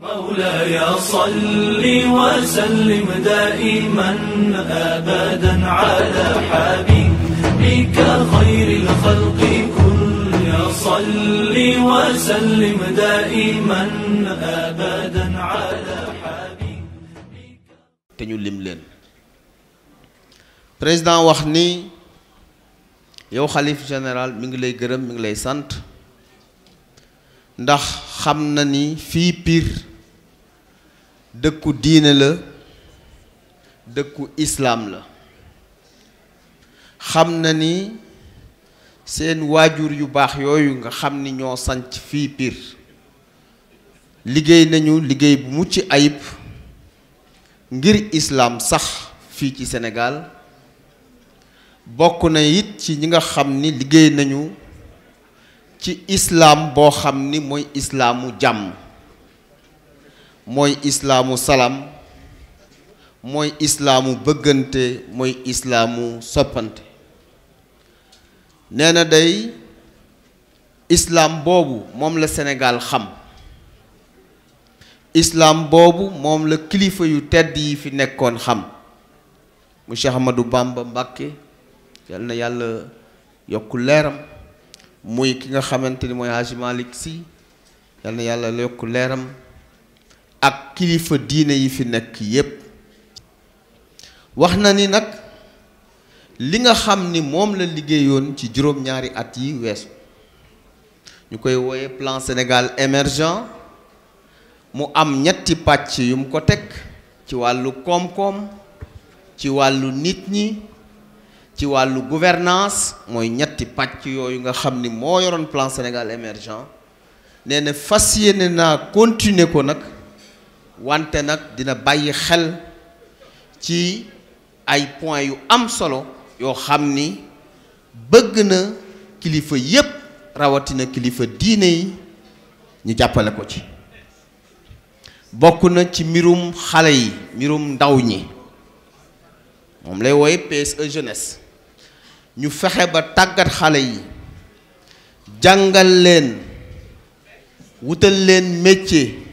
مولاي صل وسلم دائما ابدا على حبيبك خير الخلق كل صل وسلم دائما ابدا على حبيبك تنيو لم لين président wax ni yow xalif général mi ngi lay gërëm mi ngi lay sant ndax xam na ni fii pire dëkku diine la dëkku islaam la xam na ni seen waajur yu baax yooyu nga xam ni ñoo sanc fii Pire liggéey nañu liggéey bu mucc ayib ngir islaam sax fii ci Sénégal bokk na it ci ñi nga xam ni liggéey nañu ci islaam boo xam ni mooy islaamu jàmm mooy islaamu salaam mooy islaamu bëggante mooy islaamu soppante neena na day islaam boobu moom la Sénégal xam islaam boobu moom la kilifa yu tedd yi fi nekkoon xam mu Cheikh Ahmadou Bamba Mbàkke yal na yàlla yokk leeram muy ki nga xamante ni mooy Haji Malick Sy yàlla yokk leeram ak kilifa diine yi fi nekk yépp wax na ni nag li nga xam ni moom la liggéeyoon ci juróom-ñaari at yi weesu ñu koy wooye plan Sénégal émergent mu am ñetti pàcc yum ko teg ci wàllu koom-koom ci wàllu nit ñi ci wàllu gouvernance mooy ñetti pàcc yooyu nga xam ni moo yoroon plan Sénégal émergent nee fas yéene naa continuer ko nag wante nag dina bàyyi xel ci ay point yu am solo yoo xam ni bëgg na kilifa yépp rawatina kilifa diine yi ñu jàppale ko ci bokk na ci mbirum xale yi mbirum ndaw ñi moom lay wooye PSE jeunesse ñu fexe ba tàggat xale yi jàngal leen wutal leen métier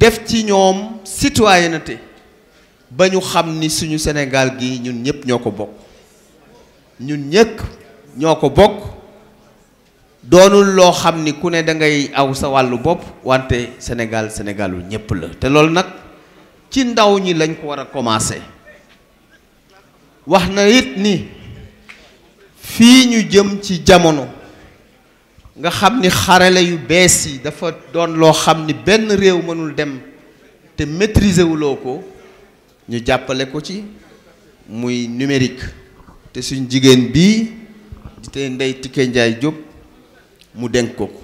def ci ñoom citoyenneté ba ñu xam ni suñu Sénégal gi ñun ñëpp ñoo ko bokk ñun ñëkk ñoo ko bokk doonul loo xam ni ku ne dangay aw sa wàllu bopp wante senegal Sénégalu ñëpp la te loolu nag ci ndaw ñi lañ ko war a commencer wax na it ni fii ñu jëm ci jamono nga xam ni xarale yu bees yi dafa doon loo xam ni benn réew mënul dem te maîtriser wuloo ko ñu jàppale ko ci muy numérique te suñ jigéen bii di te Ndeye Tické Ndiaye Diop mu dénk ko ko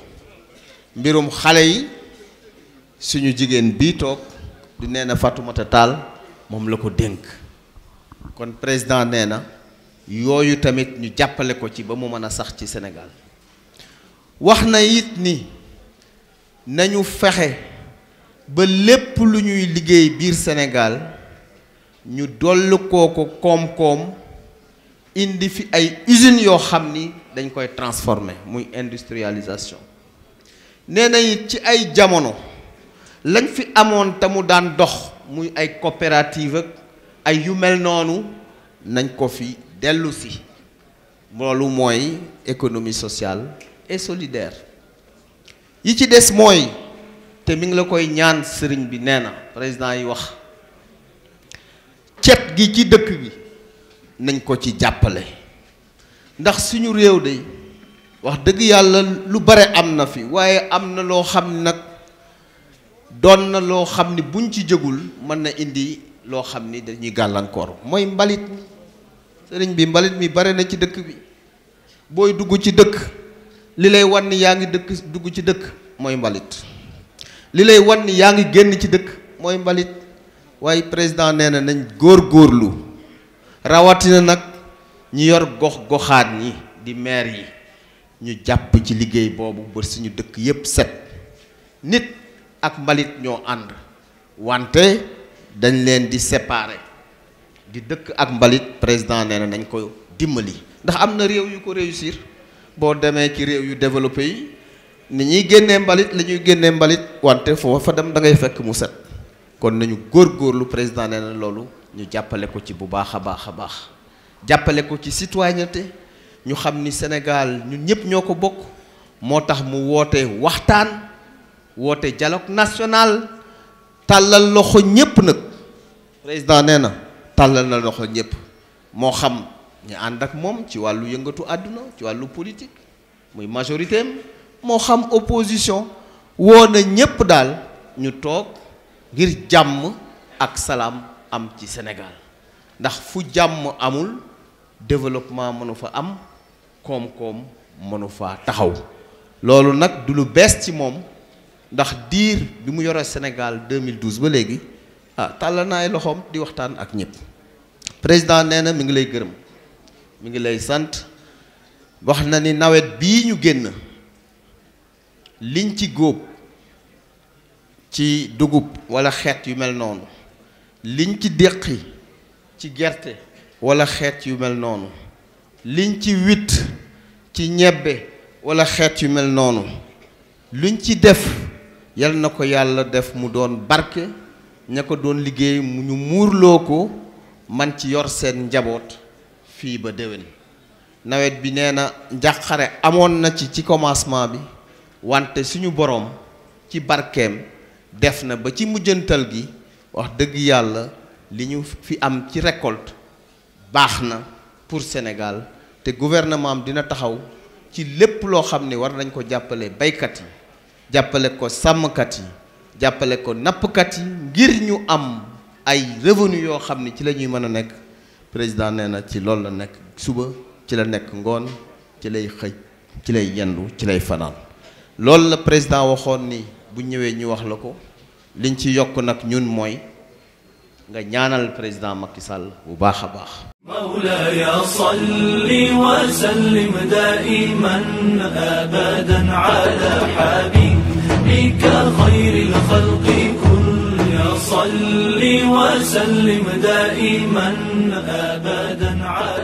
mbirum xale yi suñu jigéen bii toog di nee na Fatoumata Tall moom la ko dénk kon président nee na yooyu tamit ñu jàppale ko ci ba mu mën a sax ci senegal waxna na it ni nañu fexé ba lepp lu ñuy biir Sénégal ñu doll koko kom kom indi fi ay usines yo xamni transformer industrialisation néna na ci ay jamono lañ fi daan dox muy ay coopérative ay yu nañ ko sociale et solidaire yi ci des mooy te mi ngi la koy ñaan sëriñ bi nee na président yi wax cet gi ci dëkk bi nañ ko ci jàppale ndax suñu réew de wax dëgg yàlla lu bare am na fi waaye am na loo xam nag doon na loo xam ni buñ ci jëgul mën na indi loo xam ni dañuy gàllankoor mooy mbalit sëriñ bi mbalit mi bare na ci dëkk bi booy dugg ci dëkk lilay wan ni yaangi ngi duggu ci dëkk moy mbalit lilay wan ni yaangi genn ci dëkk moy mbalit waaye président nee lu. gor góor rawati rawatina nak ñi yor gox-goxaat ñi di maire yi ñu japp ci liggey bobu ba suñu dëkk yépp set nit ak mbalit ño and wante dañ leen di séparer di dëkk ak mbalit president neena nañ ko dimbali ndax am na yu ko réussir boo demee ci réew yu développé yi ni ñuy génnee mbalit la ñuy génnee mbalit wante foofa dem da ngay fekk mu set kon nañu góor góorgóorlu président nee loolu ñu jàppale ko ci bu baax a baax a baax jàppale ko ci citoyenneté ñu xam ni Sénégal ñun ñëpp ñoo ko bokk moo tax mu woote waxtaan woote dialogue national tàllal loxo ñëpp nag président nee na tàllal na loxo ñëpp moo xam. ñu ànd ak moom ci wàllu yëngatu àdduna ci wàllu politique muy majorité moo xam opposition woo na ñépp daal ñu toog ngir jàmm ak salaam am ci Sénégal ndax fu jàmm amul développement mënu fa am koom-koom mënu fa taxaw loolu nag du lu bees ci moom ndax diir bi mu yore Sénégal 2012 ba léegi ah tàll naay loxoom di waxtaan ak ñépp président nee na mi ngi lay gërëm mi ngi lay sant wax na ni nawet bii ñu génn liñ ci góob ci dugub wala xeet yu mel noonu liñ ci déqi ci gerte wala xeet yu mel noonu liñ ci witt ci ñebbe wala xeet yu mel noonu liñ ci def yal na ko yàlla def mu doon barke ña ko doon liggéey mu ñu muurloo ko man ci yor seen njaboot fii ba déwén nawet bi nee na njàqare amoon na ci ci commencement bi wante suñu boroom ci barkeem def na ba ci mujjantal gi wax dëgg yàlla li ñu fi am ci récolte baax na pour Sénégal te gouvernement am dina taxaw ci lépp loo xam ne war nañ ko jàppale baykat yi jàppale ko sàmmkat yi jàppale ko nappkat yi ngir ñu am ay revenu yoo xam ne ci la ñuy mën a nekk président nee ci loolu la nek suba ci la nek ngone ci lay xëj ci lay yendu ci lay fanal loolu la président waxoon ni bu ñewé ñu wax lako liñ ci yok nak ñun moy nga ñaanal président Macky Sall bu baax a baax مولاي صل وسلم دائما ابدا على حبيبك خير الخلق صل وسلم دائما أبدا على